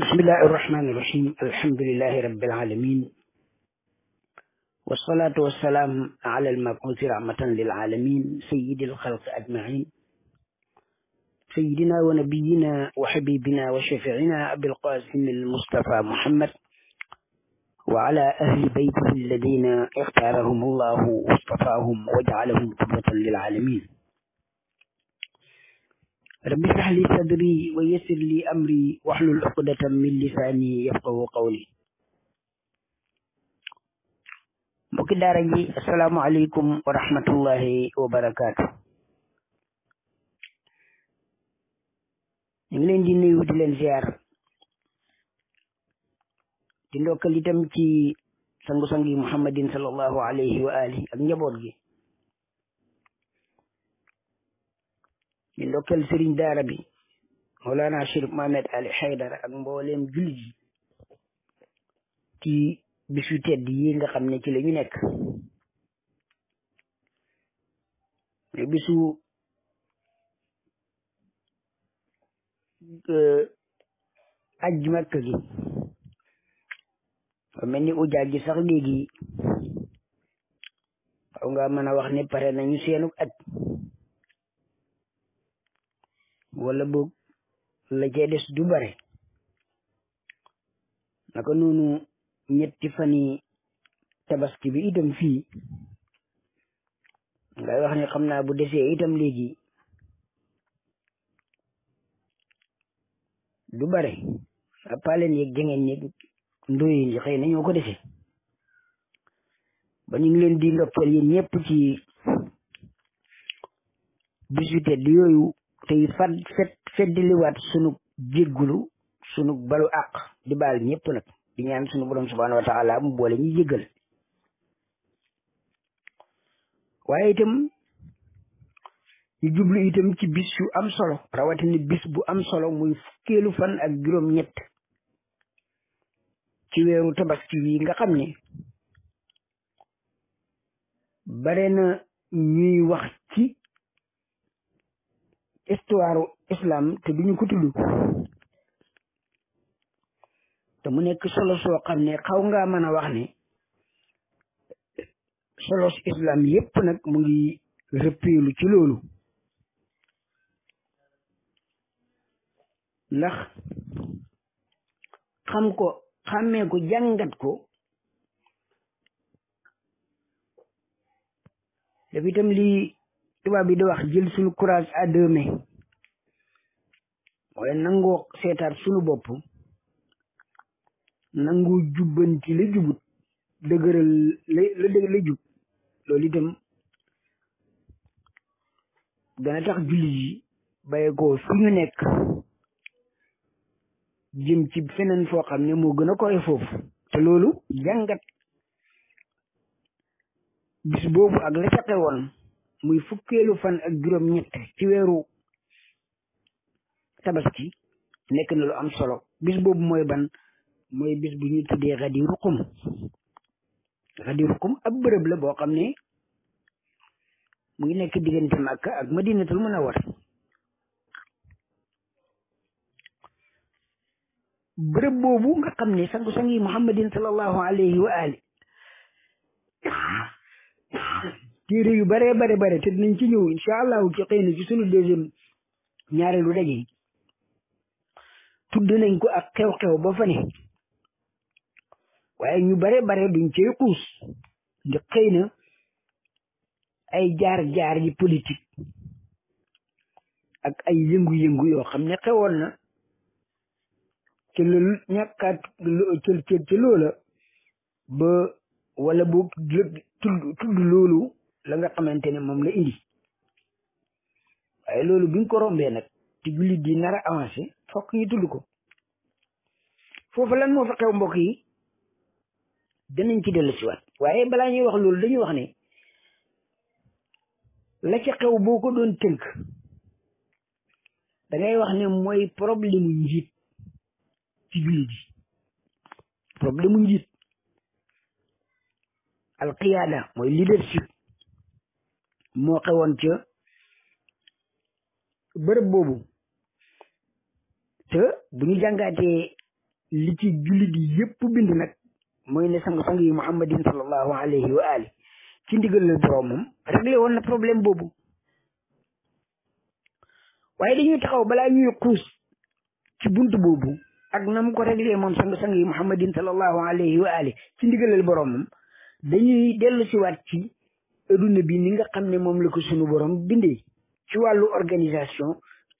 bismillahi irrahmani irrahim alhamdulilahi rabbil alamin wasalaatu wassalaam ala almabuusi rahmatan lil alamin sayidi alxalq ajmain sayidina wa nabiyina wa xabibina wa shafiina abilqasim almustafa muhammad wa ala ahli beytihi alladina ixtaarahum allahu wastafaahum wa jaalahum qudwatan lil alamin rabbi shrah li sadri wa yassir li amri wahlul uqdatan min lisaani yafqahu qawli mbokki daara ji asalaamu aleykum wa rahmatullahi wa barakaatu ñu ngi leen di nuyu di leen ziar di ndokkal sangu-sang yi muhammadin sallallahu wa alihi ak njaboot di ndokkeel sëriñ daara bi Mawlana Chérif Mohamed Ali Haydara ak mbooleem jullit yi ci bisu tedd yi nga xam ne ci la ñu nekk ne bisu euh, aj makk gi mel ni ujaaj gi sax léegi xaw nga mën a wax ne pare nañu seenuk aj wala boog la cee des du bare naka noonu ñetti fani tabaski bi itam fii ngay wax ne xam naa bu desee itam léegi du bare a paalen yeeg jangeen yeeg ndoyin yi na ñoo ko dese ba leen di ndoppal yéen ñëpp ci bisu tedd yooyu tey fat fet feddiliwaat sunu jéggulu sunu balu àq di baal ñëpp nag di ñaan sunu borom subhaanahu wa taala mu boole ñu jéggal waaye itam ñu jublu itam ci bis yu am solo rawatina bis bu am solo muy fukkeelu fan ak juróom ñett ci weeru tabaski yi nga xam ni bare na ñuy wax histoire islam te duñu ko tudd te mu nekk solo soo xam ne xaw ngaa mën a ne solos islam yépp nag mu ngi rëppeelu ci ndax xam ko xàmmee ko jàngat ko dafa itam lii tubaab bi di wax jël suñu courage à deux mains mooy nangoo seetaat sunu bopp nangoo jubbanti la jubut dëgëral la la dëgg la jub loolu itam dana tax jullit yi bàyyi ko fi ñu nekk jëm foo xam ne moo gën a koy foofu te loolu jàngat bis boobu ak la caqe muy fukkeelu fan ak juróom-ñett ci weeru tabaski nekk na lu am solo bis boobu mooy ban mooy bis bu ñuy tuddee xadi ruqum xadi ruqum ab bërëb la boo xam ne mu ngi nekk diggante Màkka ak Madinatul Munawwara bërëb boobu nga xam ne sangu-sang yi Muhammadin sallallahu alayhi wa téere yu bare bare bare te dinañ ci ñëw incha allahu ci xëy ci sunu deuxième ñaareelu daje tudd nañ ko ak xew-xew ba fa ne ñu bare bare duñ ci xuus di xëy na ay jaar-jaar yi politique ay yëngu-yëngu yoo xam ne xewoon na te loolu ci loola ba wala boo tudd loolu la nga xamante ne moom la indi waaye loolu bi nga ko rombee nag te jullit di nar a avancé fokk ñu tudd ko foofu lan moo fa xew mbokk yi danañ ci dellu si waat waaye balaa ñuy wax loolu dañuy wax ne la ca xew boo ko doon tënk dangay wax ne mooy problème mu njiit ci jullit problème njiit alqiyaada mooy leadership moo xewoon ca bërëb boobu te bu ñu jàngaatee li ci jullit yi yëpp bind nag mooy ne sang-sang yi muhammadin sallallahu alayhi wa ali ci ndigalal boroomam réglé woon na problème boobu waaye dañuy taxaw balaa ñuy xuus ci bunt boobu ak nam mu ko réglé moom sang-sang yi muhammadin sallallahu alayhi wa ali ci ndigalal boroomam dañuy dellu siwaat ci adduna bi ni nga xam ne moom la ko suñu borom bindee ci wàllu organisation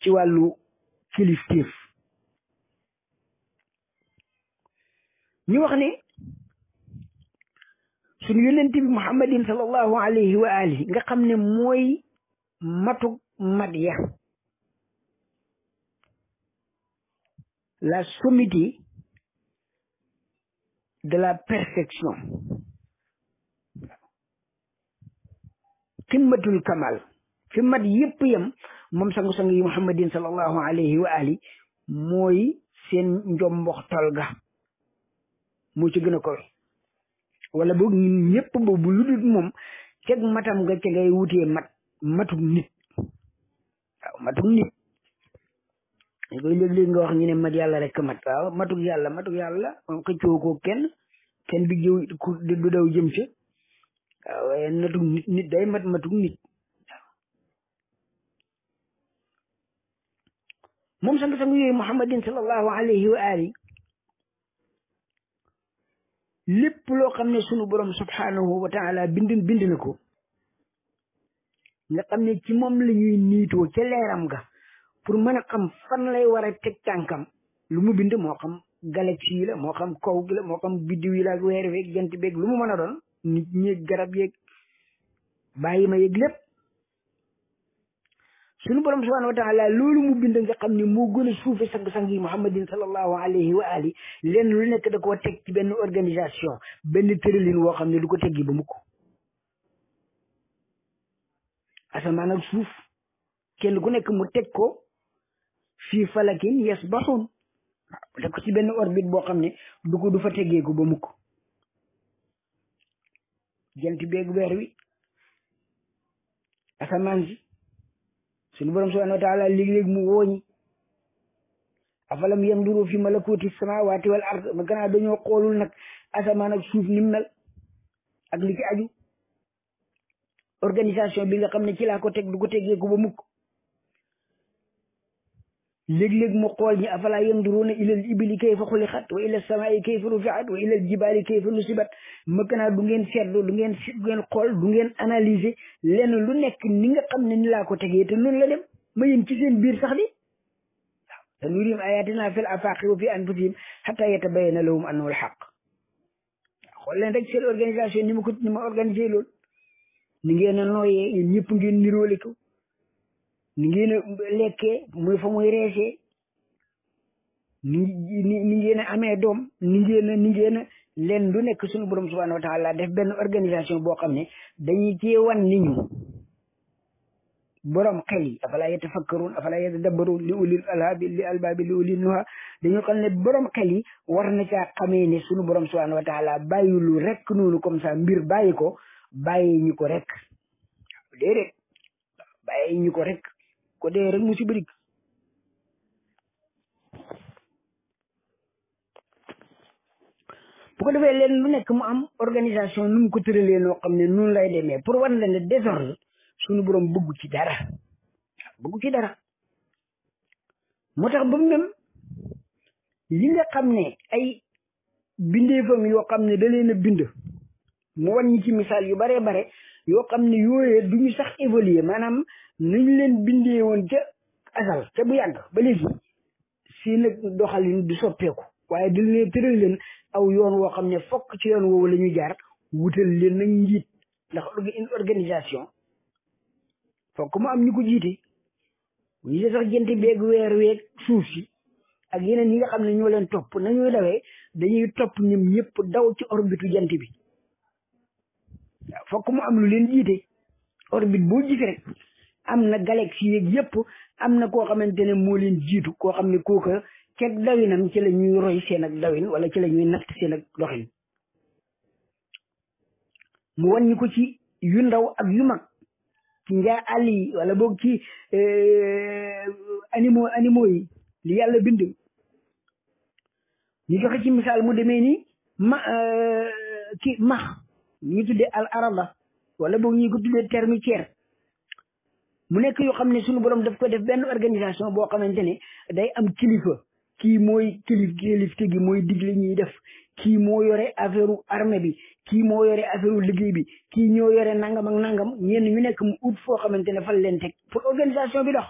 ci wàllu kilifteef ñu wax ne suñu yonent bi muhammadin sallallahu alayhi wa alihi nga xam ne mooy matu mat ya la sommité de la perfection qimmatul kamal fi mat yëpp yem moom sangu-sang muhammadin sallallahu alayhi wa ali mooy seen njomboxtal ga moo ci gën wala boog ñun ñëpp boobu lu dul moom ceg matam nga ca ngay wutee mat matuk nit waaw matuk nit ñu koy léeg nga wax ñu ne mat yàlla rek mat waaw matuk yàlla matuk yàlla moom xëccoo ko kenn kenn du jëw du daw jëm ci waaw waaye natug nit nit day mat matug nit moom sang-sang yooyu muhammadin sallallahu alayhi wa ali lépp loo xam ne sunu borom subhanahu wa taala bind bind na ko nga xam ne ci moom la ñuy niitoo ca ga pour mën a xam fan lay war a teg tànkam lu mu bind moo xam galaxie yi la moo xam kaw gi moo xam biddiw yi la ak weer weeg jant beeg lu mu mën a doon nit ñeeg garab yeeg bàyyi ma yeeg lépp sunu borom subhanahu wa taala loolu mu bind nga xam ni moo gën a suufe sang-sang muhammadin sallallahu alayhi wa lu nekk da koo teg ci benn organisation benn tëralin woo xam ne du ko teggi ba mukk asamaan ak suuf kenn ku nekk mu teg ko fii falakin yasbaxun def ko ci benn orbite boo xam ne du ko du fa teggeeku ba mukk jant beeg weer wi asamaan si suñu borom subhanahu wa taala léeg-léeg mu wooñi afalam yanduru fi malakuti samawati wal ard ba gannaaw dañoo xoolul nag asamaan ak suuf ni mel ak li aju organisation bi nga xam ne ci laa ko teg du ko tegee ko ba mukk léegi léeg mu xool ñi afala yanduruuna ilal ibili kayfa xuliqat wa ila samaai kayfa rufiat wa ilal jibaali kayfa nusibat mëkk naa du ngeen seetlu du ngeen du ngeen xool du ngeen analyser lenn lu nekk ni nga xam ne ni laa ko tegee te noonu la dem ma yéen ci seen biir sax di waaw sanurihim ayatina fil afaqi wa fi anfusihim hatta yatabayyana lahum annahu alhaq xool leen rek seen organisation ni ma ko ni ma organisé ngeen a nooyee yéen ñëpp ngeen niroole ko ni ngeen a lekkee muy fa muy reesee ni amee doom ni ngeen a leen lu nekk suñu borom subhanahu wa taala def benn organisation boo xam ne dañuy cee wan ni ñu borom xel yi afala yatafakkaruun afala yatadabbaruun li ulil alhaabi li albaabi li dañu xam ne borom xel yi war na caa xamee ne suñu borom subhanahu wa taala rek noonu comme sa mbir bàyyi ko bàyyi ko rek déedéet bàyyi ko rek ko dee rek musiba dikk bu ko defee leen lu nekk mu am organisation nu mu ko tëralee noo xam ne noonu lay demee pour war leen ne désordre suñu borom bëggu ci dara bëggu ci dara moo tax ba même li nga xam ne ay bindeefam yoo xam ne da leen a bind mu wan ñi ci misaal yu baree bare yoo xam ne yooyee du ñu sax évoluer maanaam nañ leen bindee woon ca asal te bu yàgg ba léegi si nag doxalin du soppeeku waaye dañ leen leen aw yoon woo xam ne fokk ci yoon woowu la ñu jaar wutal leen na njiit ndax une organisation fokk mu am ñu ko jiite ñi sax jënt beeg weer weeg suuf si ak yeneen yi nga xam ne ñoo leen topp nañuy dawee dañuy topp ñoom ñëpp daw ci orbitu jant bi fokk mu am lu leen jiite orbite boo gis am na galaxie yeeg yëpp am na koo xamante ne moo leen jiitu koo xam ne ko kooka ceeg dawinam ci la ñuy roy seen ak dawin wala ci la ñuy natt seen ak doxin mu wàññi ko ci yu ndaw ak yu mag ci njaa àll yi wala boog ci eh, animaux animaux yi li yàlla bind ñu joxe ci misaal mu demee ni ma eh, ki max ñuy tuddee al arada wala boog ñi ko tuddee termitière mu nekk yoo xam ne suñu borom daf ko def benn organisation boo xamante ne day am kilifa kii mooy kilif ki gi mooy digle ñuy def kii moo yore affaire armée bi kii moo yore affaire liggéey bi kii ñoo yore nangam ak nangam ñenn ñu nekk mu ut foo xamante ne fan leen teg pour organisation bi dox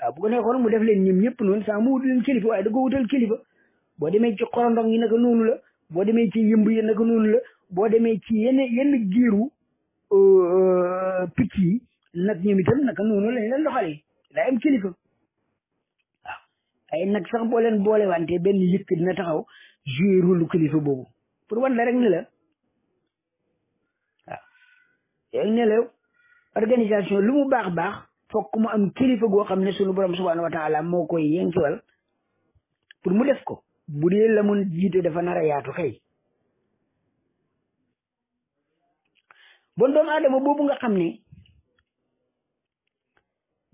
waaw bu ko nekkoon mu def leen ñoom ñëpp noonu sans mu wut leen kilifa waaye da ko wutal kilifa boo demee ci xorondong yi naka la boo demee ci yëmb yi naka noonu la boo demee ci yenn yenn giiru euh, euh, picc yi nag ñoom itam naka noonu lañ leen doxalee daa am kilifa ay nag sax boo leen boole wante benn yëkk dina taxaw joué rôle kilifa boobu pour wan la rek ne la waaw ne la lu mu baax baax fokk mu am kilifa goo xam ne sunu borom subhanahu wa taala moo koy yenkiwal pour mu def ko bu la mun jiite dafa nar a bon doomu aadama boobu nga xam ne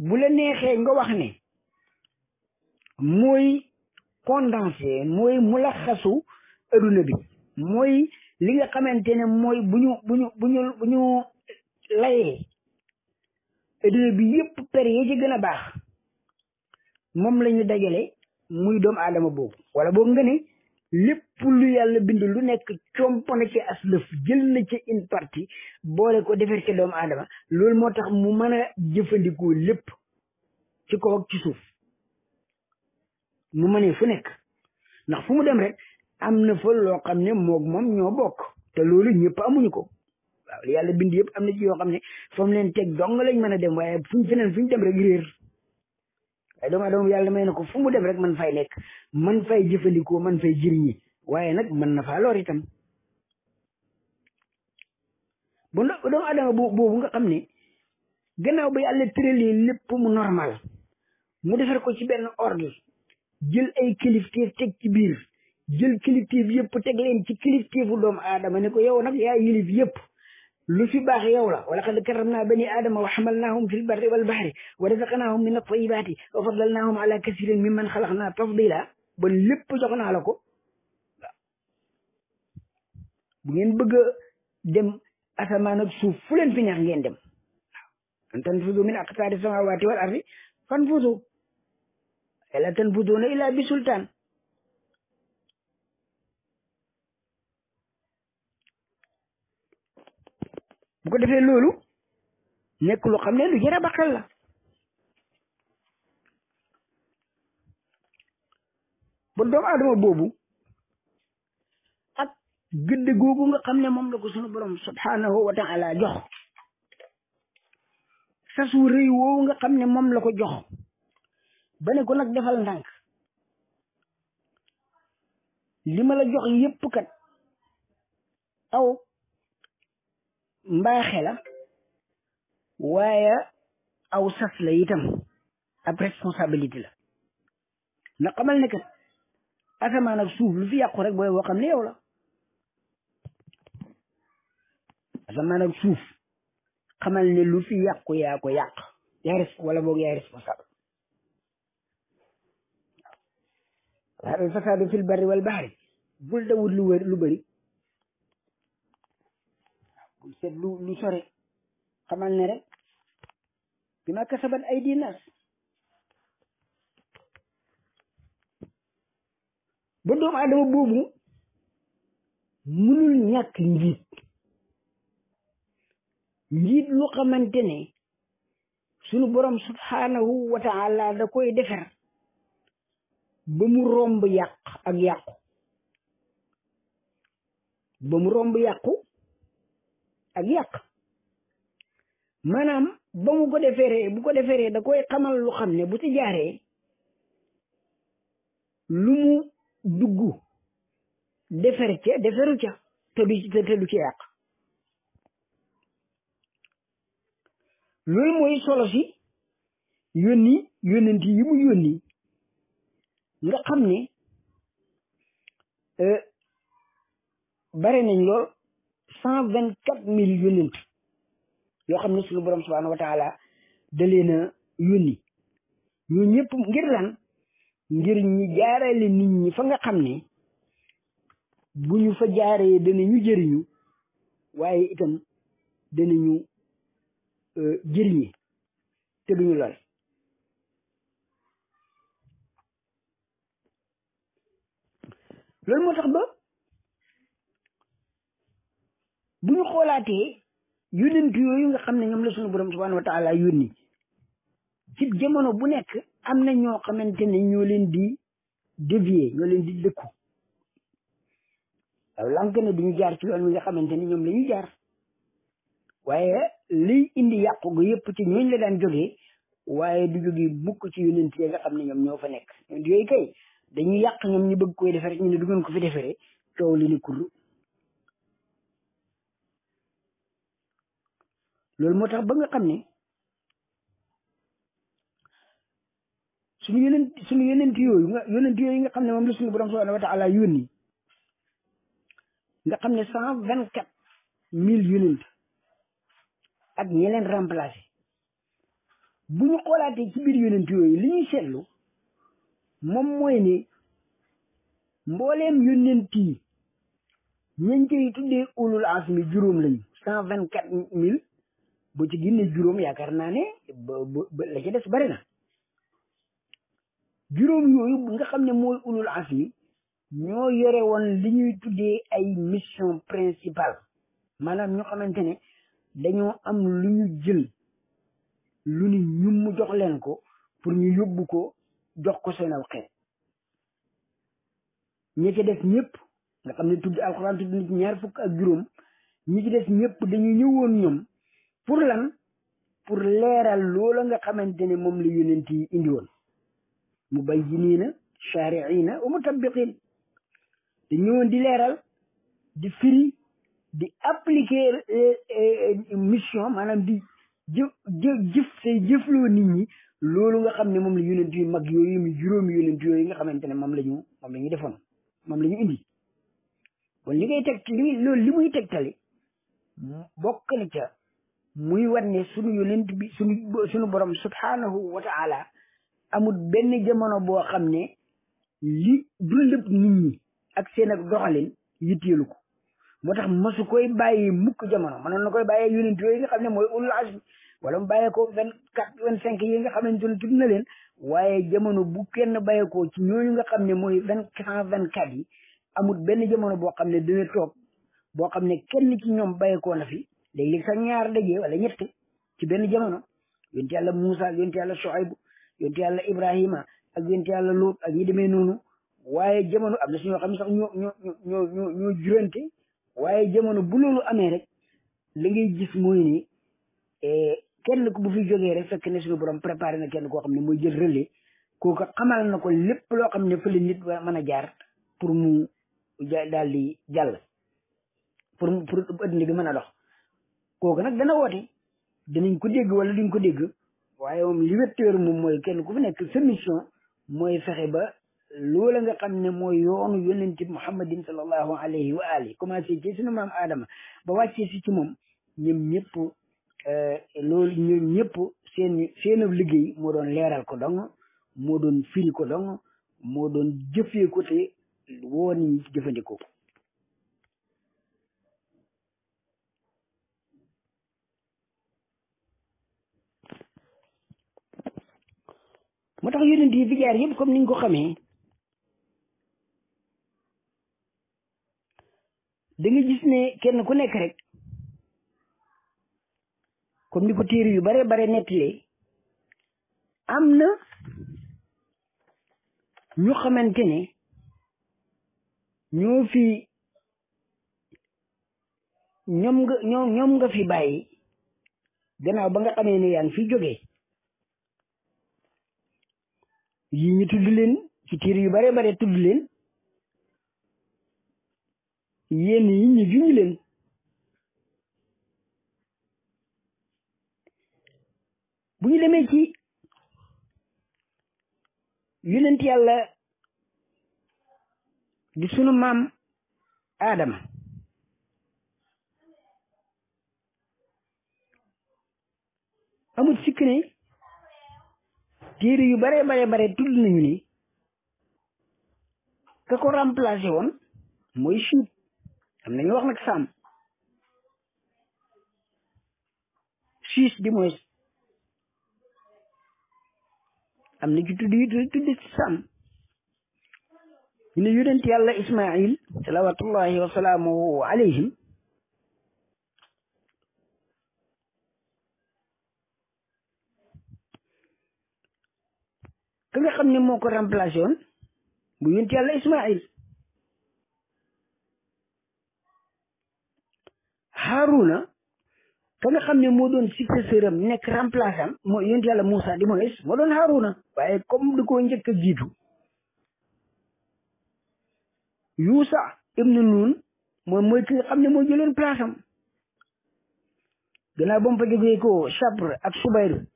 bu la neexee nga wax ne mooy condensé mooy mulaxasu adduna bi mooy li nga xamante ne mooy bu ñu bu ñu bu ñu bu ñu bi yëpp pere yi ci gën a baax moom la ñu dajale muy doomu aadama boobu wala boobu nga lépp lu yàlla bind lu nekk compo na ci aslëf jël na ci une partie boole ko defar ci doomu aadama loolu moo tax mu mën a jëfandikoo lépp ci kaw ci suuf mu mënee fu nekk ndax fu mu dem rek am na fa loo xam ne moog moom ñoo bokk te loolu ñëpp amuñu ko waaw yàlla bind yëpp am na ci yoo xam ne fa mu leen teg dong lañ mën a dem waaye fuñ feneen fuñ dem rek waaye doomu aadama yàlla may na ko fu mu dem rek man fay nekk man fay jëfandikoo man fay jëriñi waaye nag mën na faa lor itam bu doomu aadama boobu nga xam ni gannaaw bu yàlla tëralee lépp mu normal mu defar ko ci benn ordre jël ay kilifteef teg ci biir jël kilifteef yëpp teg leen ci kilifteefu doomu aadama ne ko yow nag yaa yilif yëpp lu fi baax yow la wala qad karamna bani aadama wa xamalnaahum fi lbarri walbahri wa razaqnaahum min altayibaati wa fadlalnaahum ala kasirin mimman xalaqna tafdila ba lépp jox naa la ko bu ngeen bëgg a dem suuf fu leen fi ñax ngeen dem an tanfudu min aqtaari samawati wal ardi fanfudu la tanfuduna illa bi sultaan bu ko defee loolu nekk lu xam ne lu jëra ba xel la ba doomu aadama boobu ak gëdd googu nga xam ne moom la ko sunu borom wa taala jox sasu rëy woowu nga xam ne moom la ko jox ba ne ko nag defal ndànk li ma yépp kat aw mbaaxe la waaye aw sas la itam ab responsabilité la na xamal ne kat asamaan ak suuf lu fi yàqu rek booy boo xam ne yaw la asamaan ak suuf xamal ne lu fi yàqu yaa ko yàq yaa res wala boog yaa responsable waaw fasaadu fil barri wal bahri bul dawut lu wër lu bëri seet lu lu sore xamal ne rek bi ma kasabat ay dinaas ba doomu aadama boobu mënul ñàkk njiit njiit lu xamante ne sunu borom subhaanahu wa da koy defar ba mu romb yàq ak yàqu ba mu romb yàqu ak yàq maanaam ba mu ko deferee bu ko deferee da koy xamal lu xam ne bu ci jaaree lu mu dugg defer ca deferu ca te du ci yàq loolu mooy solo si yónni yónnanti yi mu yónni nga xam ne euh, bare nañ lool cent vingt quatre mille yónent yoo xam ne suñu borom subhaanahu wa taala da leen a yónni ñooñu ñëpp ngir lan ngir ñi jaarale nit ñi fa nga xam ni bu ñu fa jaaree danañu jëriñu waaye itam danañu e, jëriñi te duñu lal loolu moo tax ba bu ñu xoolaatee yonent yooyu nga xam ne ñoom la suñu borom subhanahu wa taala yónni ci jamono bu nekk am na ñoo xamante ne ñoo leen di dévier ñoo leen di dëkku waaw lank ne jaar ci yoon wi xamante ne ñoom la jaar waaye li indi yàqu ga yëpp ci ñooñ la daan jógee waaye du jógee mukk ci yonent yi nga xam ne ñoom ñoo fa nekk yonent yooyu kay dañuy yàq ñoom ñu bëgg koy defere ñu du ngeen ko fi coow li ni loolu moo tax ba nga xam ne suñu yeneen suñu yeneen yooyu nga yeneen yooyu nga xam ne moom la suñu borom subhanahu wa taala yónni nga xam ne cent vingt quatre mille yeneen ak ñi leen remplacé bu ñu xoolaatee ci biir yeneen li ñuy seetlu moom mooy ne mbooleem yeneen yi ñañ tu tuddee ulul azmi juróom lañu cent vingt quatre mille boo ci génnee juróom yaakaar naa ne la des bari na juróom yooyu nga xam ne mooy ulul azmi ñoo yore woon li ñuy tuddee ay mission principale maanaam ñu xamante ne dañoo am lu ñu jël lu ni ñu mu jox leen ko pour ñu yóbbu ko jox ko seen aw xeet ñi des ñëpp nga xam ne tudd alxuraan tudd na ñaar fukk ak juróom ñi ci des ñëpp dañu ñëwoon ñoom pour lan pour leeral loola nga xamante ne moom la yonent yi indi woon mu bayyiniina shaariina wa mutabiqin te ñëwoon di leeral di firi di appliquer eh, eh, mission maanaam di jëf jëf say jëfloo nit ñi loolu nga xam ne moom la yonent yu mag yooyu mu juróomi yonent yooyu nga xamante ne moom la ñu moom la ñu defoon moom la ñu indi kon li ngay teg li loolu li muy tegtali bokk na ca muy wan ne sunu yonent bi sunu sunu borom subhaanahu wa taala amul benn jamono boo xam ne li dundub nit ñi ak seen ak doxalin yitteelu ko moo tax masu koy bàyyi mukk jamono mënoon na koy bàyyee yonent yooyu nga xam ne mooy ulul azmi wala mu bàyyee ko vingt quatre yi nga xam ne ñu tudd na leen waaye jamono bu kenn bàyyeekoo ci ñooñu nga xam ne mooy vingt cent vingt yi amul benn jamono boo xam ne dina toog boo xam ne kenn ci ñoom bàyyeekoo na fi léegi-léegi sax ñaar dajee wala ñett ci benn jamono yonti yàlla Moussa ak yonti yàlla Shuayb yonti yàlla Ibrahima ak yonti yàlla Luut ak ñi demee noonu waaye jamono am na si ñoo xam ne sax ñoo ñoo ñoo ñoo waaye jamono bu loolu amee rek li ngay gis mooy ni eh, kenn ku bu fi jógee rek fekk ne suñu borom préparé na kenn koo xam ne mooy jël ko kooku xamal na ko lépp loo xam ne fa la nit mën a jaar pour mu daal di jàll pour pour adduna bi mën a dox kooka nag dana woote danañ ko dégg wala duñ ko dégg waaye moom li wetteeru moom mooy kenn ku fi nekk sa mission mooy fexe ba loola nga xam ne mooy yoonu yonente muhammadin sallallahu alayhi wa ali commencé ci sunu maam aadama ba wàccee si ci moom ñoom ñëpp eh, loolu ñoom ñëpp seen liggéey moo doon leeral ko dong moo doon firi ko dong moo doon jëfee ko te woo nañ ci jëfandikoo sax yonent yi fi jaar yëpp comme niñ ko xamee da nga gis ne kenn ku nekk rek comme ni ko téere yu bare bare nettalee am na ñu xamante ne ñoo fi ñoom nga ñoom nga fi bàyyi gannaaw ba nga xamee ne yaa fi jógee yi ñu tudd leen ci tiir yu bare bare tudd leen yéen yi ñu juñ leen bu ñu demee ci yonent yàlla aadama amut sikk téere yu bare bare bare tudd nañu ni ka ko remplacé woon mooy Chine am nañu wax nag Sam Suisse di moy am na ci tudd yu tudd ci Sam ñu ne yonent yàlla Ismaïl salawatullahi wa salaamuhu ki nga xam ne moo ko remplacé woon bu yonent yàlla Ismaïl Haruna ka nga xam ne moo doon successeur am nekk remplaçant moo yonent yàlla Moussa di Moïse moo doon Haruna waaye comme di ko njëkk a jiitu Yuusa ibnu Nun moom mooy nga xam ne moo jëloon place am gannaaw ba mu ko Chapre ak Subayr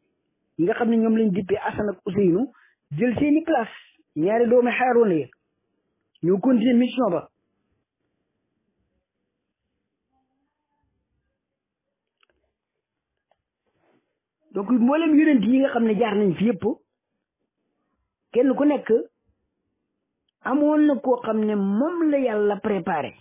nga xam ne ñoom lañ dippee Asan ak Useynu jël seeni place ñaari doomi Xaaruuna yi ñu continuer mission ba donc mboolem yonent yi nga xam ne jaar nañ fi kenn ku nekk amoon na koo xam ne moom la yàlla préparé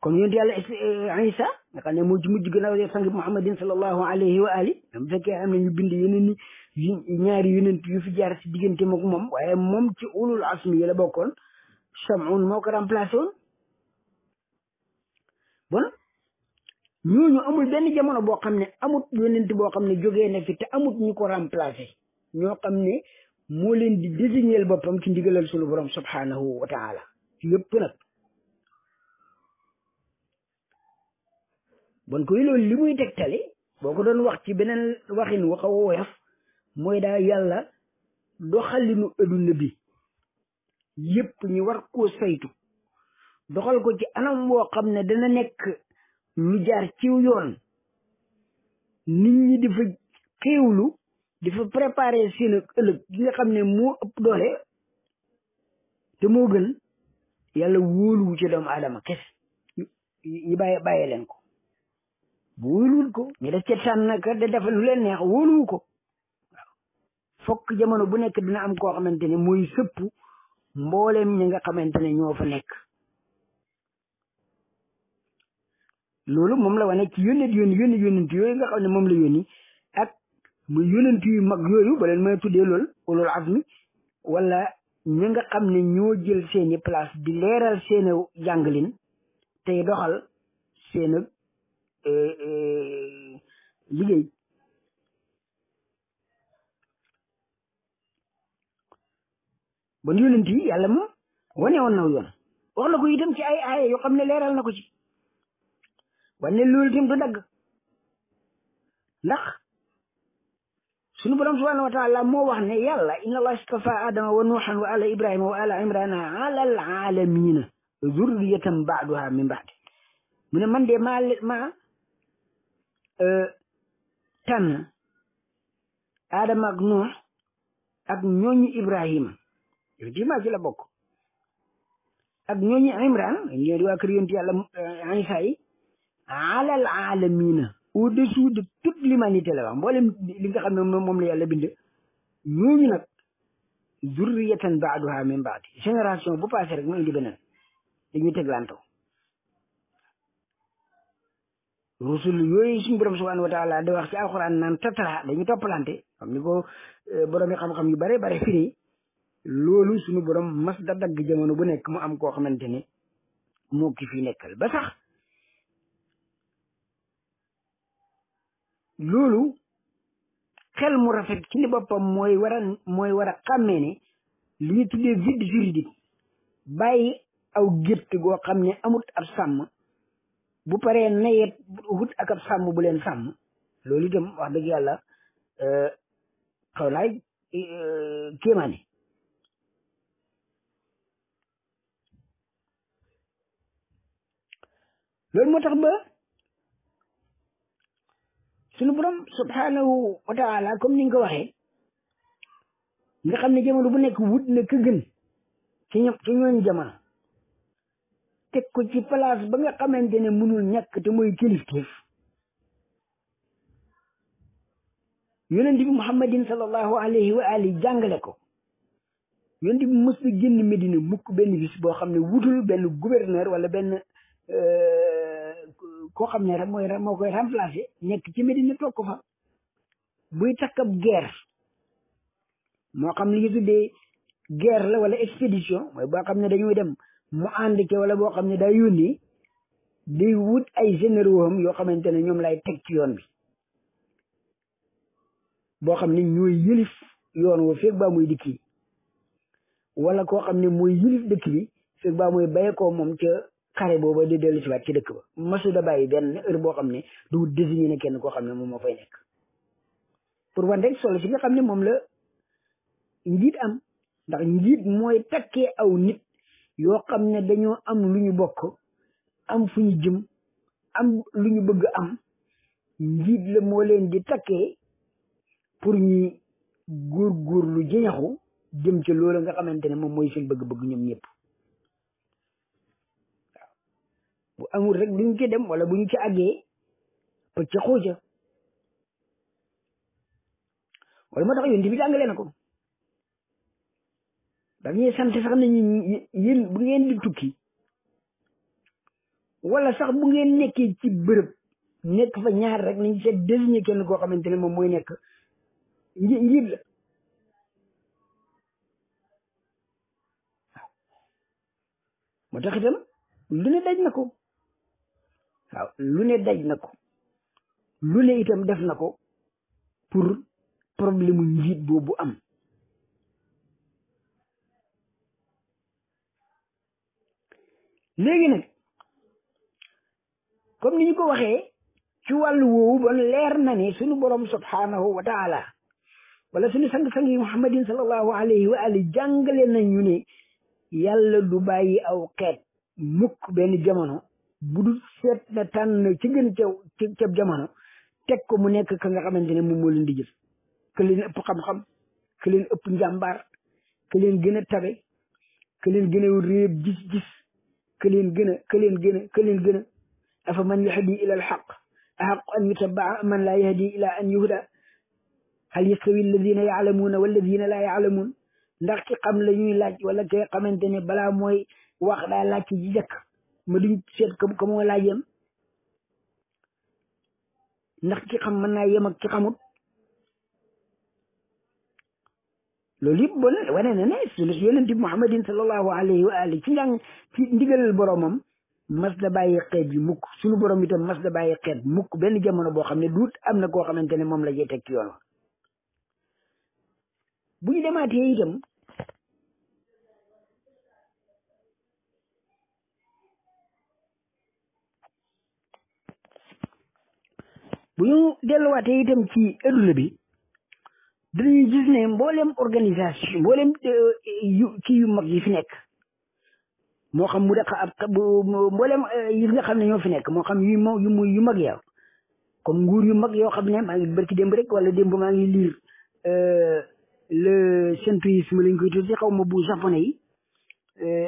comme yonent yàlla Isa nga xam ne mujj gën a def sang muhammadin sallallahu alayhi wa ali même fekkee am na ñu bind yeneen i ñaari yonent yu fi jaar si diggante mook moom waaye moom ci ulul asmi yi la bokkoon Samoun moo ko remplacé woon bon ñooñu amul benn jamono boo xam ne amut yonent boo xam ne jógee na fi te amut ñu ko remplacé ñoo xam ne moo leen di désigner boppam ci ndigalal sunu borom subhanahu wa taala yëpp bon koy loolu li muy tegtale boo ko doon wax ci beneen waxin waxa woyof mooy daa yàlla doxalinu adduna bi yépp ñu war saytu doxal ko ci anam woo xam ne dana nekk lu jaar ciw yoon nit ñi di fa xéewlu di fa préparer seen ëllëg gi nga xam ne moo ëpp doole te moo gën yàlla wóoluwu ci doomu aadama kese yi bàyyi bàyyi leen ko bu wóolul ko ñu def ca tànn ka da def lu leen neex wóoluwu ko fok fokk jamono bu nekk dina am koo xamante ne mooy sëpp mbooleem ñi nga xamante ne ñoo fa nekk loolu moom la wane ci yónnet yónni yónni yónnent yooyu nga xam ne moom la yónni ak mu yónnent yu mag yooyu ba leen mën a tuddee lool ulul azmi wala ñi nga xam ne ñoo jël seeni place di leeral seeni jàngalin tey doxal seeni Euh, euh, liggéey bon yonent yi yàlla moom wane woon naw yoon wax na ko itam ci ay aaya yoo xam ne leeral na ko ci wane loolu itam du dagg ndax sunu borom subhanahu wa taala moo wax ne yàlla inna allah istafa adama wa nuuhan wa ala ibrahima wa ala imrana ala al alamina zurriyatan baaduha min baadi mu ne man de maa maa Euh, tànn Adama ak Nuux ak ñooñu Ibrahima effectivement ci la bokk ak ñooñu Imran ñoo di waa kër yonent yàlla euh, Isa yi alal alamina au-dessous de toute l'humanité la wax mboolem li nga xam ne moom la yàlla bind ñooñu nag zurriyatan baaduha min baadi génération bu passé rek indi beneen dañuy teglantoo rusul yooyu suñu borom subhanahu wa taala di wax ci alxuraan naan tatara dañu toppalante xam ni ko eh, borom i xam-xam yu bare bare firi loolu suñu borom mas da dagg jamono bu nekk mu am koo xamante ni moo ki fi nekkal ba sax loolu xel mu rafet ci ni boppam mooy war a mooy war a xàmmee ne li tuddee vide juridique bàyyi aw gétt goo xam ne amut ab sàmm bu paree nayet wut ak ab sàmm bu leen sàmm loolu itam wax dëgg yàlla euh, xaw naay euh, kéemaane loolu moo tax ba suñu borom subhanahu wa taala comme ni nga nga xam ne jamono bu nekk wut na ka gën ci ñoom ci ñooñ jamono teg ko ci place ba nga xamante ne mënul ñàkk te mooy kilifteef yonent bi muhammadin sallallahu alayhi wa ali jàngale ko yonent bi mës na génn Medina mukk benn bis boo xam ne wutul benn gouverneur wala benn euh, koo xam ne rek mooy moo koy remplacer nekk ci Medina toog ko fa buy takk guerre moo xam li ñu tuddee guerre la wala expédition mooy boo xam ne dañuy dem mu ànd ci wala boo xam ne day yónni day wut ay généraux am yoo xamante ne ñoom laay teg ci yoon bi boo xam ne ñooy yëlif yoon wo feeg baa muy dikki wala koo xam ne mooy yilif dëkk bi feeg baa muy bayekoo moom ca xare booba di dellu si waat ci dëkk ba masu da bàyyi benn boo xam ne du désigné ne kenn koo xam ne moom moo fay nekk pour wan rek solo si nga xam ne moom la njiit am ndax njiit mooy takkee aw nit yoo xam ne dañoo am lu ñu bokk am fu ñu jëm am lu ñu bëgg am njiit la moo leen di takkee pour ñi góorgóorlu jëñaxu jëm ca loolu nga xamante ne moom mooy seen bëgg-bëgg ñoom ñëpp bu amul rek duñ ci dem wala bu ñu ci àggee pëcc xuuja wala moo tax yonent bi jàngale na ko dañuy sant sax nañu yéen bu ngeen di tukki wala sax bu ngeen nekkee ci bërëb nekk fa ñaar rek nañ seet désigné kenn koo xamante ne moom mooy nekk nji njiit la waaw moo tax itam lu ne daj na ko waaw lu ne daj na ko lu ne itam def na ko pour problème mu njiit am léegi comme ni ñu ko waxee ci wàllu woowu bon leer na ni suñu borom subhanahu wala suñu sang-sang yi muhammadin sallallahu alayhi wa ali jàngale nañu ne yàlla du bàyyi aw xeet mukk benn jamono bu dul seet na tànn ci gën ca ca jamono teg ko mu nekk ka nga xamante ne moom moo leen di jël ke leen ëpp xam-xam ke leen ëpp njàmbaar ke leen gën a tabe ke leen gën a ka leen gën a ka leen gën a ka leen gën a afa man yahdi ila alxaq axaqu an yutabaa man laa yahdi ila an yuhda hal yastawi alladina yaalamuuna walladina laa yaalamuun ndax ki xam la ñuy laaj wala ke xamante ne balaa mooy wax daa laaj ci jëkk ma duñ seet ka moo laaj yem ndax ki xam mën naa yem ak ki xamut loolu yëpp bon wane na ne sunu yonent bi muhammadin sallallahu alayhi wa ali ci njàng ci ndigalal boromam mas da bàyyi xeet mukk sunu borom itam mas da bàyyi xeet mukk benn jamono boo xam ne duut am na koo xamante ne moom la jey teg ci yoon bu ñu demaatee itam bu ci adduna bi dañuy gis ne mboolem organisation mboolem euh, yu kii yu mag yi fi nekk moo xam mu daka ab mboolem euh, yi nga xam ne ñoo fi nekk moo xam yu yu yu mag yow comme nguur yu mag yoo xam ne maa ngi barki démb rek wala démb maa ngi liir euh, le centrisme lañ koy tuddee xaw ma bu japonais yi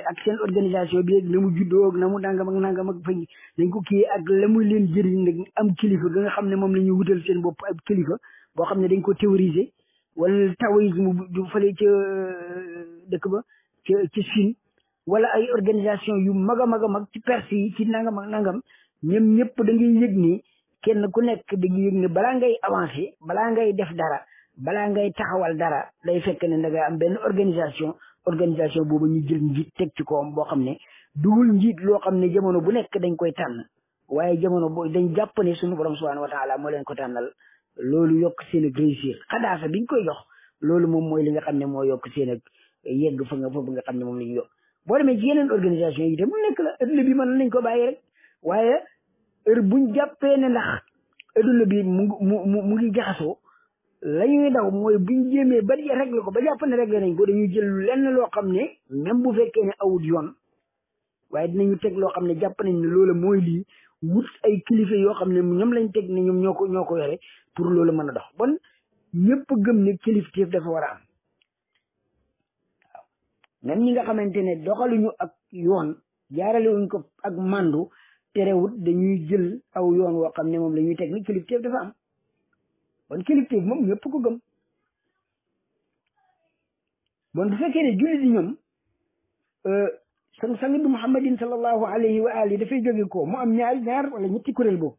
ak seen organisation bi léegi na mu juddoo na mu nangam ak nangam mag fañ dañ ko kii ak la muy leen jëriñ nag am kilifa ga nga xam ne moom la ñuy wutal seen bopp ak kilifa boo xam ne dañ ko théoriser wala taoïsme du fële ca euh, dëkk ba ca ci Chine wala ay organisation yu mag a mag a mag ci perse yi ci nangam ak nangam ñoom ñëpp da ngay yëg ni kenn ku nekk da ngay yëg ni balaa ngay avancer balaa ngay def dara balaa ngay taxawal dara day fekk ne da nga am benn organisation organisation boobu ñu jël njiit teg ci kawam boo xam ne dugul njiit loo xam ne jamono bu nekk dañ koy tànn waaye jamono boobu dañ jàpp ne suñu borom subhanahu wa taala moo leen ko tànnal loolu yokk seen ak réussir xadaasa biñ koy jox loolu moom mooy li nga xam ne mooy yokk seen ak yegg fa nga foofu nga xam ne moom la ñu yokk boo demee ci yeneen organisation yi itam nekk la adduna bi mën nañ ko bàyyi rek waaye heure buñ jàppee ne ndax adduna bi mu mu mu mu ngi jaxasoo la ñuy daw mooy buñ jéemee ba réglé ko ba jàpp ne réglé nañ ko dañuy jël lenn loo xam ne même bu fekkee ne awut yoon waaye dinañu teg loo xam ne jàpp nañ ne mooy lii wut ay kilifa yoo xam ne ñoom lañ teg ne ñoom ñoo ko ñoo ko yore pour loolu mën a dox bon ñëpp gëm ne kilifteef dafa war a am waaw même ñi nga xamante ne doxaluñu ak yoon jaaralewuñ ko ak màndu terewut dañuy jël aw yoon woo xam ne moom la ñuy teg ne kilifteef dafa am bon kilifteef moom ñëpp ko gëm bon bu fekkee ne jullit yi ñoom euh, sang sang bi muhammadin sallallahu alayhi wa alihi dafay jóge ko mu am ñaari ñaar wala ñetti kuréel boobu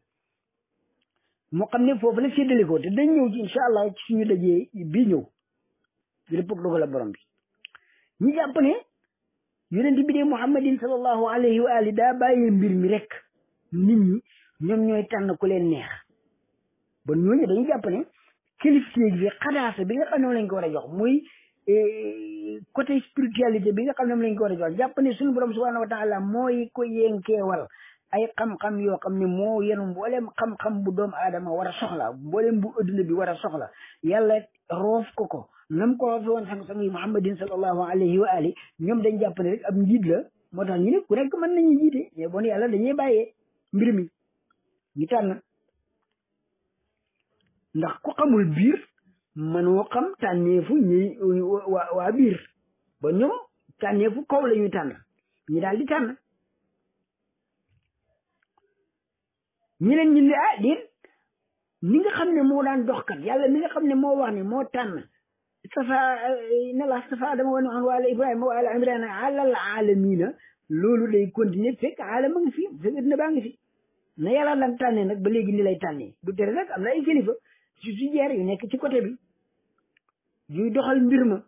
moo xam ne foofu la séddale ko te dañ ñëw ci incha allah ci suñu dajee bii ñëw yu dëpp ak dogal a borom bi ñi jàpp ne yonent bi de muhammadin sallallahu alayhi wa alihi daa bàyyee mbir mi rek nit ñi ñoom ñooy tànn ku leen neex ba ñooñu dañu jàpp bi xadaasa bi nga xam ne lañ ko war a jox muy E, côté spiritualité bi nga xam ne moom lañ ko war a jox jàpp ne suñu borom subhanahu mooy ko yénkeewal ay xam-xam yoo xam ni moo yenu mbooleem xam-xam bu doomu aadama war a soxla mbooleem bu adduna bi war a soxla yàlla roof ko ko nam ko roofe woon sang-sang yi muhammadin sallallahu alayhi wa ali ñoom dañ jàpp ne rek ab njiit la moo tax ñu ne ku nekk mën nañu jiite mais bon yàlla dañuy bàyyee mbir mi ñu tànn ndax ku xamul biir mënoo xam tànneefu ñi waa waa biir ba ñoom tànneefu kaw la ñuy tànn ñi daal di tànn ñeneen ñi ne ah déet ni nga xam ne moo daan dox kat yàlla mi nga xam ne moo wax ne moo tànn safa eh, na la safa dama woon an waala ibrahima waala imrana alal alamina loolu day continuer fekk alama ngi fi fekk dina baa ngi fi na yàlla daan tànnee nag ba léegi ni lay tànnee du tere nag am na ay kilifa su sujeer yu nekk ci côté bi yuy doxal mbir ma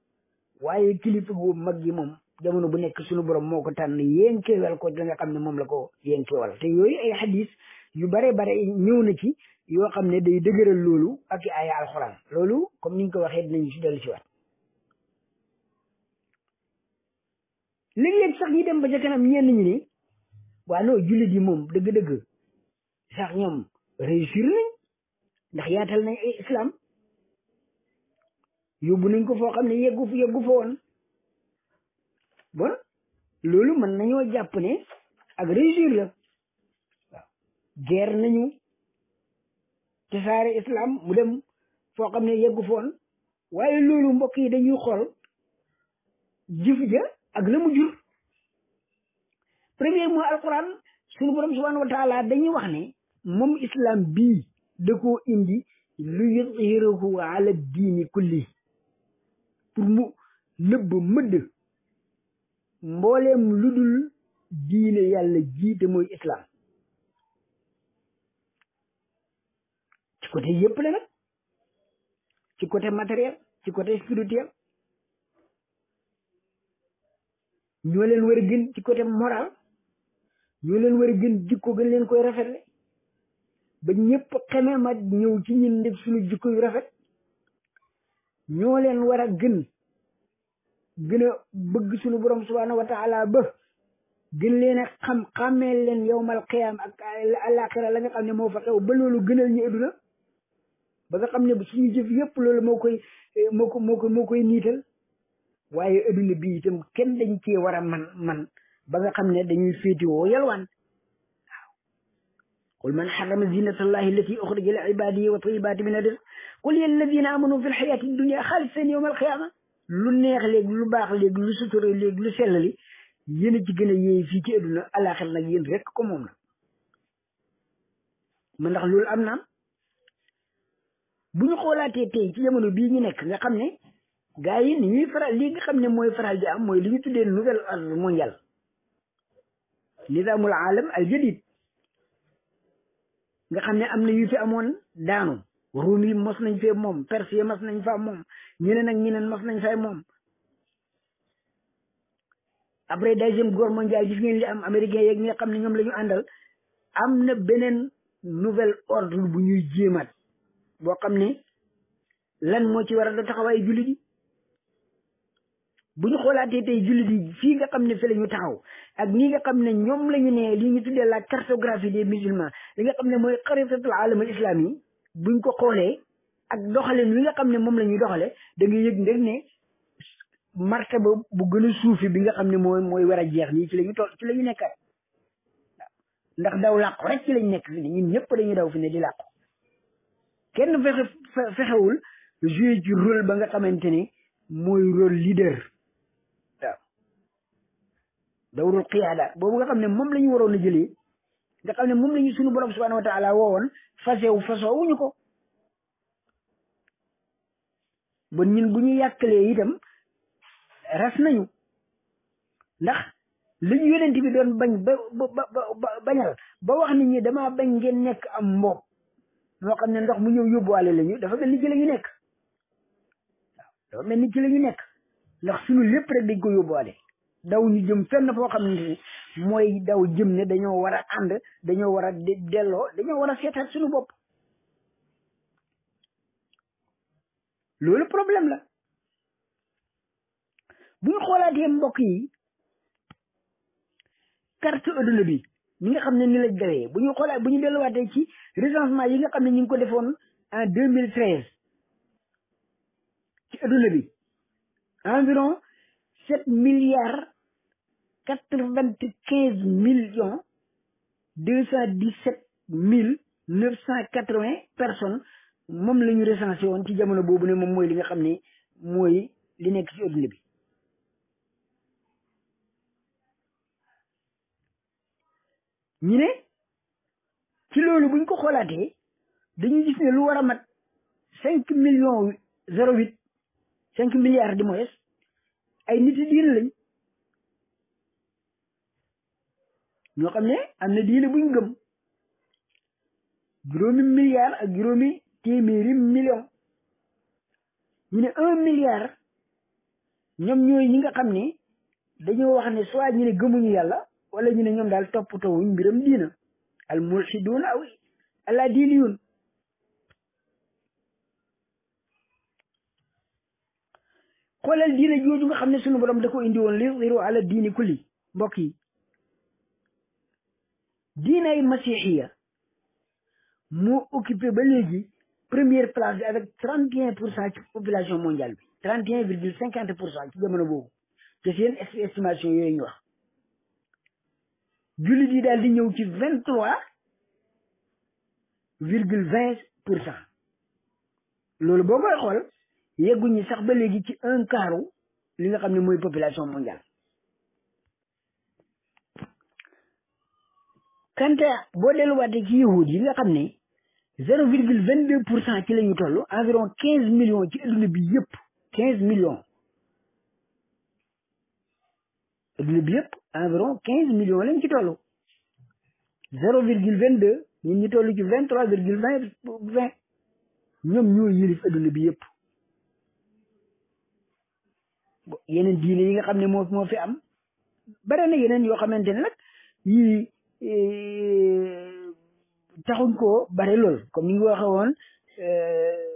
waaye kilifa gu mag gi moom jamono bu nekk suñu borom moo ko tànn yénkeewal ko da nga xam ne moom la ko yénkeewal te yooyu ay xadis yu bare bare ñëw na ci yoo xam ne day dëgëral loolu ak ay aaya alxuraan loolu comme ni ñu ko waxee dinañ ci si waat léeg-léeg sax ñi dem ba ca kanam ñi ni waa moom dëgg-dëgg sax ñoom réussir nañ ndax yaatal nañ islam yóbbu nañ ko foo xam ne yeggu yeggu fa woon bon loolu mën nañoo jàpp ne ak réussir la waaw guerre nañu te saare islam mu dem foo xam ne yeggu fa waaye loolu mbokk yi dañuy xool jëf ja ak la mu jur premier mooy alquran suñu borom subhanahu wa taala wax ne moom islam bii da indi lu yuzhirahu ala diini kulli pour mu nëbb mëdd mbooleem lu dul diine yàlla jiite mooy islam ci côté yëpp la nag ci côté matériel ci côté spirituel ñoo leen war a gën ci côté moral ñoo leen war a gën jikko leen koy rafetle ba ñëpp xeme ma ñëw ci ñun def suñu jikko rafet ñoo leen war a gën gën a bëgg suñu borom subhaanahu wa taala ba gën leen a xam xàmmeel leen yowmal qiyaam ak alaxira la nga xam ne moo fa xew ba loolu gënal ñu adduna ba nga xam ne suñu jëf yëpp loolu moo koy moo ko moo ko niital waaye adduna bi itam kenn dañ cee war man man ba nga xam ne dañuy féetiwoo yalwaan waaw qul man xarama zinatallahi allati uxrija li ibaadihi wa tayibaati min qul yaa alladina amanu fil xayaati dunia xaalisan yawmal qiyaama lu neex léeg lu baax léeg lu sutura léeg lu sell li yéen a ci gën a yéey fii ci adduna alaxir nag yéen rek ko moom la ma ndax loolu am na bu ñu xoolaatee tey ci jamono bii ñu nekk nga xam ne gars yi ni ñuy faral li nga xam ne mooy faral di am mooy li ñu tuddee nouvel ordre mondial nizaamul aalam al jadid nga xam ne am na yu fi amoon daanu ruum yi mos nañ fee moom perse yi nañ faa moom ñeneen ak ñeneen mos nañ fay moom après deuxième guerre mondiale gis ngeen am américain yeeg ñi nga xam ne ñoom la ñu àndal am na beneen nouvel ordre bu ñuy jéemaat boo xam ne lan moo ci war a taxawaayu jullit bu ñu fii nga xam ne fi la ñu taxaw ak ñi nga xam ne ñoom la ñu ne li ñu tuddee la cartographie des musulmans li nga xam ne mooy xarifatul alamal islam yi buñ ko xoolee ak doxalin wi nga xam ne moom la ñuy doxale da yëg ndeg ne marché ba bu gën a suufi bi nga xam ne mooy mooy war a jeex nii ci la ñu toll ci la ñu nekkaat ndax daw làqu rek ci lañ nekk fi ne ñun ñëpp dañuy daw fi ne di làqu kenn fexewul joué ci rôle ba nga xamante ni mooy rôle leader waaw dawrul xiyaada boobu nga xam ne moom la ñu waroon a jëlee nga xam ne moom la ñu suñu borom subhanahu wa taala woowoon fasewu fasoowuñu ko bon ñun bu ñu yàkkalee itam ras nañu ndax lu ñu yonent bi doon bañ ba ba ba bañal ba wax nit ñi bañ ngeen nekk am mboob moo xam ne ndox mu ñëw yóbbuwaale la ñu dafa mel ni ci la ñu nekk waaw dafa mel ni ci la ñu nekk ndax suñu lépp rek dañ ko yóbbuwaale daw ñu jëm fenn foo xam ne mooy daw jëm ne dañoo war a ànd dañoo war a delloo dañoo war a seetaat suñu bopp loolu problème la bu ñu xoolaatee mbokk yi carte adduna bi ñi nga xam ne ni lañ dawee bu ñu xoolaat bu ñu delluwaatee ci recensement yi nga xam ne ñu ngi ko defoon en deux mille treize ci adduna bi environ sept milliards quatre-vingt-quinze millions deux cent dix-sept mille neuf cent quatre-vingts personnes mom la ñu recensé woon ci jamono boobu ne moom mooy li nga xam ne mooy li nekk ci adduna bi ñu ci loolu buñ ko xoolaatee dañuy gis ne lu war a mat cinq millions zéro huit cinq milliards di moyes ay nit yi lañ ñoo xam ne am na diine buñ gëm juróomi milliard ak juróomi téeméeri million ñu ne un milliard ñoom ñooy ñi nga xam ni dañoo wax ne soit ñu gëmuñu yàlla wala ñu ne ñoom daal toppatoowuñ mbiram diina al mulxiduun aw ala diiniyun xoolal diina jooju nga xam ne sunu borom da ko indi woon li ziru ala diini kulli mbokk diinay masixiya moo occupé ba léegi première place bi avec trente et un pour cent ci population mondiale bi trente et un virgule cinquante pour cent ci jamono boobu te seen estimation yooyu ñu wax jullit yi daal di ñëw ci vingt trois virgule vingt pour cent loolu boo koy xool yegguñu sax ba léegi ci un quart li nga xam ne mooy population mondiale kante boo delluwaatee ci yahuud yi nga xam ni zéro virgule vingt deux pour cent ci la ñu toll environ quinze millions ci adduna bi yëpp quinze millions adduna bi yëpp environ quinze millions lañ ci toll zéro virgule vingt deux ñun ñu toll ci vingt trois virgule vingt vingt ñoom ñoo yilif adduna bi yëpp yeneen diine yi nga xam ne moo moo fi am bare na yeneen yoo xamante ne nag Euh, taxuñ koo bare lool kom ni nga waxee woon euh,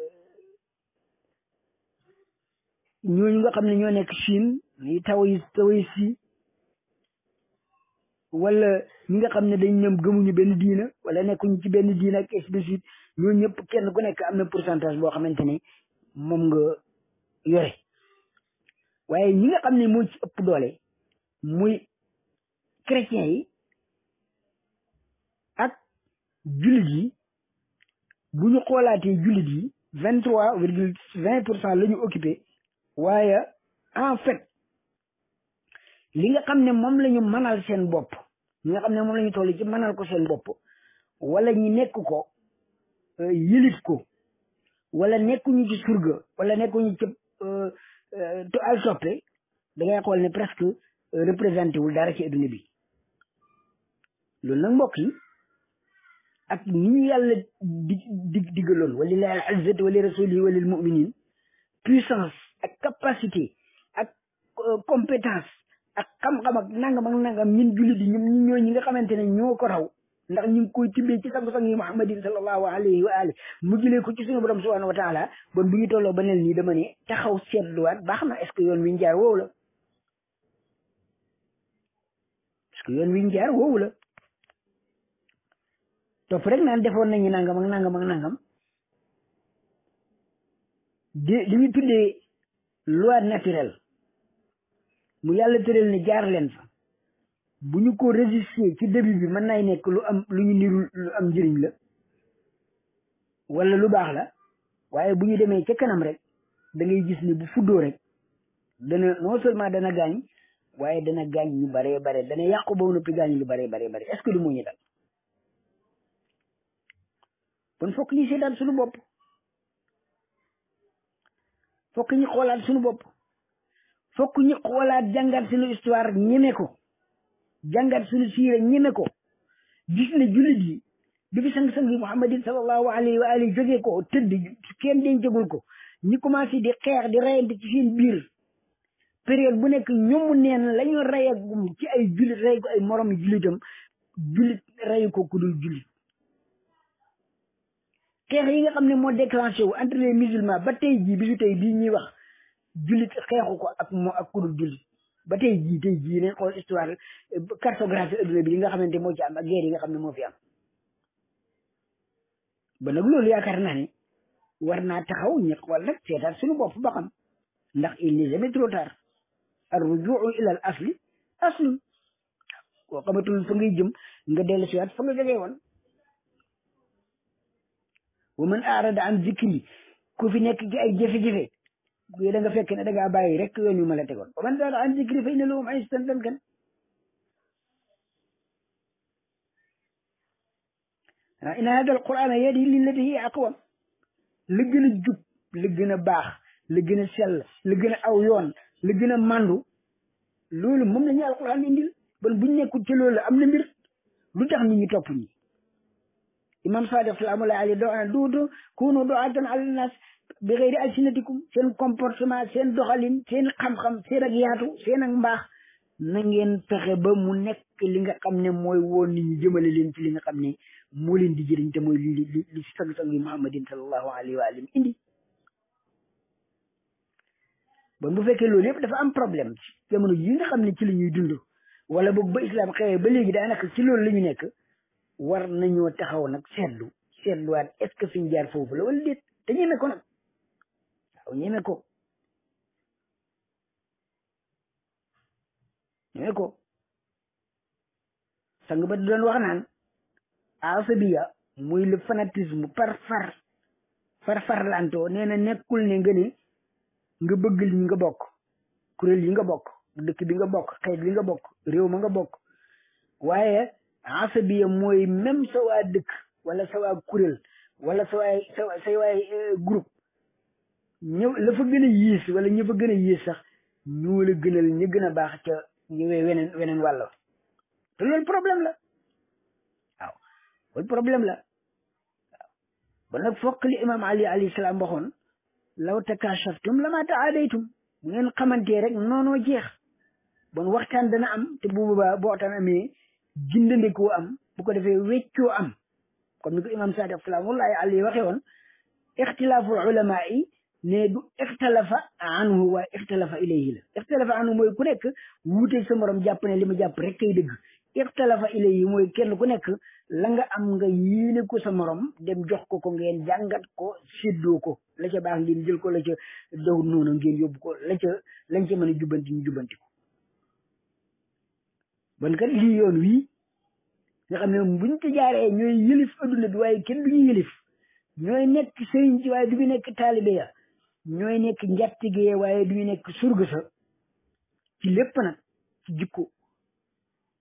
ñooñu nga xam ne ñoo nekk Chine ñuy taw yi taw yi wala ñi nga xam ne dañ ñoom gëmuñu benn diina wala nekkuñ ci benn diina ak ainsi de ñëpp kenn ku nekk am na pourcentage boo xamante ne moom nga yore waaye ñi nga xam ne moo ëpp doole muy chrétien yi. jullit yi bu ñu xoolaatee jullit yi vingt trois virgule vingt pour cent la ñu occupé waaye en fait li nga xam ne moom la ñu mënal seen bopp li nga xam ne moom la ñu toll ci mënal ko seen bopp wala ñi nekk ko euh, yëlif ko wala nekkuñu ci surga wala nekkuñu ci euh, euh, to ay soppe da xool ne presque représenté wul dara ci adduna bi loolu nag mbokk yi ak ni ñu yàlla di di digaloon walillahi al izzat wali rasulihi walil muminin puissance ak capacité ak euh, compétence ak xam-xam ak nangam ak nangam ñun jullit yi ñoo ñi nga xamante ne ñoo ko raw ndax ñu ngi koy tibbee ci sangu-sang yi muhammadin sallallahu alayhi wa ali mu jëlee ko ci suñu borom subhanahu wa taala bon bu ñu tolloo ba nel nii dama ne taxaw seetluwaat baax na est-ce que yoon wi ñu jaar woowu est-ce que yoon wi ñu jaar topp rek naa defoon na nangam ak nangam ak nangam di li ñu tuddee loi naturelle mu yàlla tëral ni jaar leen fa bu ñu ko résister ci début bi man naay nekk lu am lu ñu nirul lu am njëriñ la walla lu baax la waaye bu ñu demee ca kanam rek dangay gis ni bu fuddoo rek dana non seulement dana gaañ waaye dana gaañ ñu baree bare dana yàqu ba noppi gaañ lu baree bare est-ce que du moo ñu dal kon fokk ñu seetaan suñu bopp fokk ñu xoolaat suñu bopp fokk ñu xoolaat jàngat suñu histoire ñeme ko si suñu siira ñeme ko gis ne jullit yi bi fi sang-sang muhammadin sallallahu alayhi wa alihi ko tëdd ken den jëgul ko ñi commencé di xeex di rayante ci seen biir période bu nekk ñoomu neen la ñu rayagum ci ay jullit ray ko ay moroom xeex yi nga xam ne moo déclenché wu entre les musulmans ba tey jii bisu tey bii ñuy wax jullit xeexu ko ak moo ak ba tey jii tey jii nañ xool histoire cartographie adduna bi li nga xamante moo ci am ak guerre yi nga xam ne moo fi am ba nag loolu yaakaar naa ne war naa taxaw ñu xool nag seetaat suñu bopp ba xam ndax il n'est jamais trop tard ar rujuu ila al asli aslu koo fa ngay jëm nga dellusiwaat fa nga jógee woon wa man arada an zikri ku fi nekk ci ay jafe-jafe nga fekk ne da ngaa bàyyi rek yoon yu ma la tegoon wa man arada an zikri fa inna lahum aysan dankan inna hada alqurana yadi lillati hiya aqwam li gën a jub li gën a baax li gën a sell li gën a aw yoon li gën a màndu loolu moom la ñu alquran indil bon buñ nekkul ci loolu am na mbir lu tax ñu ñi topp ñi imaam Saadiq salaamu laahi alayhi doona duutu kuunu du'aatan ala naas bi xëyri alsinatikum seen comportement seen doxalin seen xam-xam seen ak yaatu seen ak mbaax na ngeen fexe ba mu nekk li nga xam ne mooy woon nit ñi jëmale leen ci li nga xam ne moo leen di jëriñ te mooy li li li sang-sang yi muhammadin sallallahu alayhi wa alihi indi bon bu fekkee loolu yëpp dafa am problème ci jamono yi nga xam ne ci la ñuy dund wala boog ba islam xëyee ba léegi daanaka ci loolu la ñu nekk war nañoo taxaw nag seetlu seetluwaat est-ce que fiñ jaar foofu la wala déet te ñeme ko nag waaw ñeme ko ñeme ko ba doon wax naan asabiya muy le fanatisme par far far farlantoo nee na nekkul ne nga ne nga bëgg nga bokk kuréel yi nga bokk dëkk bi nga bokk xeet bi nga bokk réew ma nga bokk waaye asabiya mooy même sa waa dëkk wala sa waa kuréel wala sa waay sa say waay eh, ñëw la fa yiis wala ña fa gën a yiis sax ñoo la gënal ñu gën a baax ca ñëwee weneen weneen wàll problème la waaw problème la waaw ba nag fokk li imaam ali alayhi salaam waxoon law takaashaftum lama taadaytum bu ngeen xamantee rek noonoo jeex bon waxtaan dana am te bu bu waxtaan amee gindandikoo am bu ko defee weccoo am comme ni ko imam Saadiq salaamullahi alayhi waxee woon ixtilaaful ulama yi ne du ixtalafa anhu waaye a ilayhi la ixtalafa anhu mooy ku nekk wuute sa morom jàpp ne li ma jàpp rek kay dëgg ixtalafa ilayhi mooy kenn ku nekk la nga am nga yéene ko sa morom dem jox ko ko ngeen jàngat ko séddoo ko la ca baax ngeen ko la ca dawut noonu ngeen yóbbu ko la ca lañ ca mën a jubbanti ñu jubbanti man kat lii wii nga xam ne buñ ci jaaree ñooy yëlif adduna bi waaye kenn du ñu yëlif ñooy nekk sëriñ ci waaye du ñu nekk taalibe ya ñooy nekk njattigee waaye du ñu nekk surga sa ci lépp nag ci jikko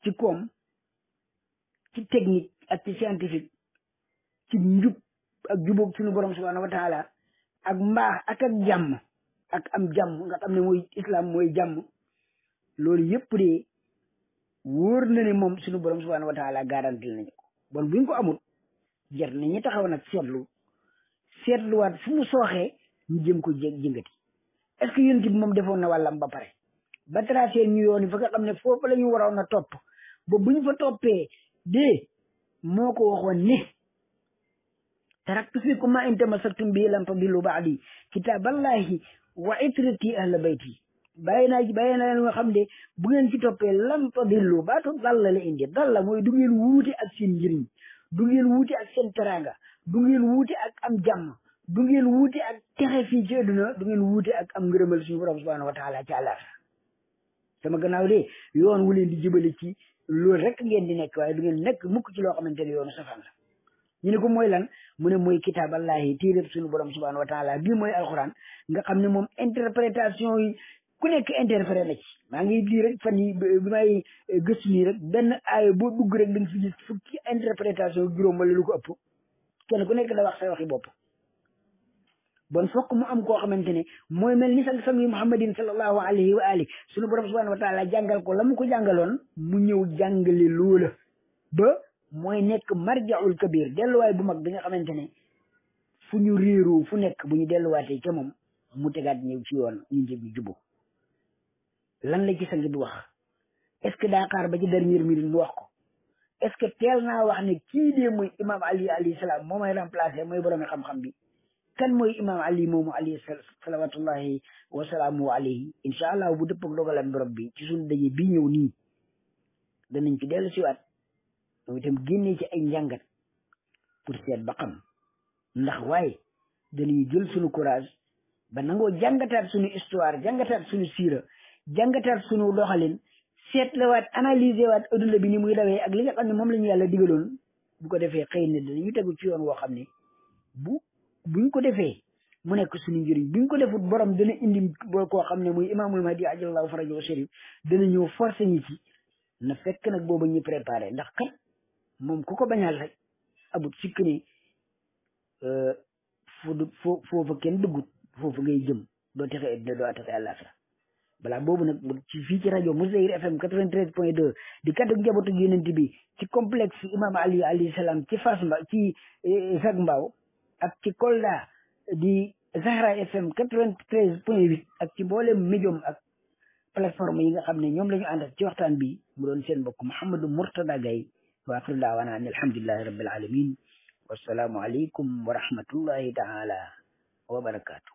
ci koom ci technique ak ci scientifique ci njub ak jubóog suñu borom subhanahu wa ak mbaax ak ak jàmm ak am jàmm nga xam ne mooy islam mooy jàmm loolu yëpp de wóor na ne moom suñu borom subhanahu wa taala garantil nañu ko bon buñ ko amut jar ni ñi taxaw na seetlu seetluwaat fu mu sooxee ñu jëm ko jé jëngati est ce que yonent bi moom defoon na wàllam ba pare ba tracé ñu yoon yi fa nga xam ne foofu la ñu waroon a topp ba buñ fa toppee dee moo ko waxoon ne taraktu ku ma in tamassaktum bi lan tadillu ba'di kitaaballahi wa itrati ahla bayti bàyyi naa ci bàyyi naa leen nga xam ne bu ngeen ci toppee lan tadillu baatu dalla la indi dalla mooy du ngeen wuute ak seen njëriñ du ngeen wuute ak seen teraanga du ngeen wuute ak am jàmm du ngeen wuute ak texe fii ci àdduna du ngeen wuute ak am ngërëmal suñu borom subhanahu wa taala ci àllar sama gannaaw de yoon wu leen di jëbale ci loolu rek ngeen di nekk waaye du ngeen nekk mukk ci loo xamante ne yoonu safaan la ñu ne ko mooy lan mu ne mooy kitaab allahi téereb suñu borom subhanahu wa taala bii mooy alxuraan nga xam ne moom interprétation yi ku nekk interféré na ci maa ngi lii rek fan yi bi may eh, rek benn aaya boo dugg rek da nga fi gis fukki interprétation lu ko ëpp kenn ku nekk da wax say waxi bopp bon fokk mu am koo xamante ne mooy mel ni sang-sang yi muhammadin sallallahu alayhi wa ali suñu borom subhanahu wa taala jàngal ko la mu ko jàngaloon mu ñëw jàngale loola ba mooy nekk marjaul kabir delluwaay bu mag bi nga xamante ne fu ñu réeroo fu nekk bu ñu delluwaatee ca mu tegaat ñëw ci yoon ñu njëg ñu lan la ci sa ngi bi wax est-ce que daa xaar ba ci dernière minute mu wax ko est-ce que teel naa wax ne kii dee muy imam ali alayhi salaam moo may remplacé mooy boroomi xam-xam bi kan mooy imam ali moomu alayhi salawatullahi wasalaamu alayhi incha allah bu dëpp ak dogalam borom bi ci suñu daje bii ñëw nii danañ ci dellu siwaat moom itam génnee ci ay njàngat pour seet ba xam ndax waaye dañuy jël suñu courage ba nangoo jàngataat suñu histoire jàngataat suñu siira jàngataat sunu doxalin seetlawaat analyser waat adduna bi ni muy dawee ak li nga xam ne moom la ñu yàlla digaloon bu ko defee xëy na ñu tegu ci yoon woo xam ne bu buñ ko defee mu nekk suñu njëriñ buñ ko defut borom dana indi boo koo xam ne muy imaamul mahdi ajalallahu farajahu sharif dana ñëw forcé ñi ci na fekk nag booba ñu préparé ndax kat moom ku ko bañal rek abut sikk ni foo foo foofa kenn duggut foofu ngay jëm doo texe adduna doo texe àllaaxira balaa boobu nag ci fi ci rajo Moussaïr FM 93.2 di kaddu njabootu yonent bi ci complexe imam Aliou alayhi salaam ci Fass Mbaw ci eh, Zac Mbao ak ci Kolda di Zahra FM 93.8 ak ci mboolem médium ak plateforme yi nga xam ne ñoom la ñu àndal ci waxtaan bi mu doon seen mbokk Mouhamadou Mourtada Gaye wa axiru daawaana an alhamdulillahi rabbil alamin wassalaamu aleykum wa rahmatullahi taala wa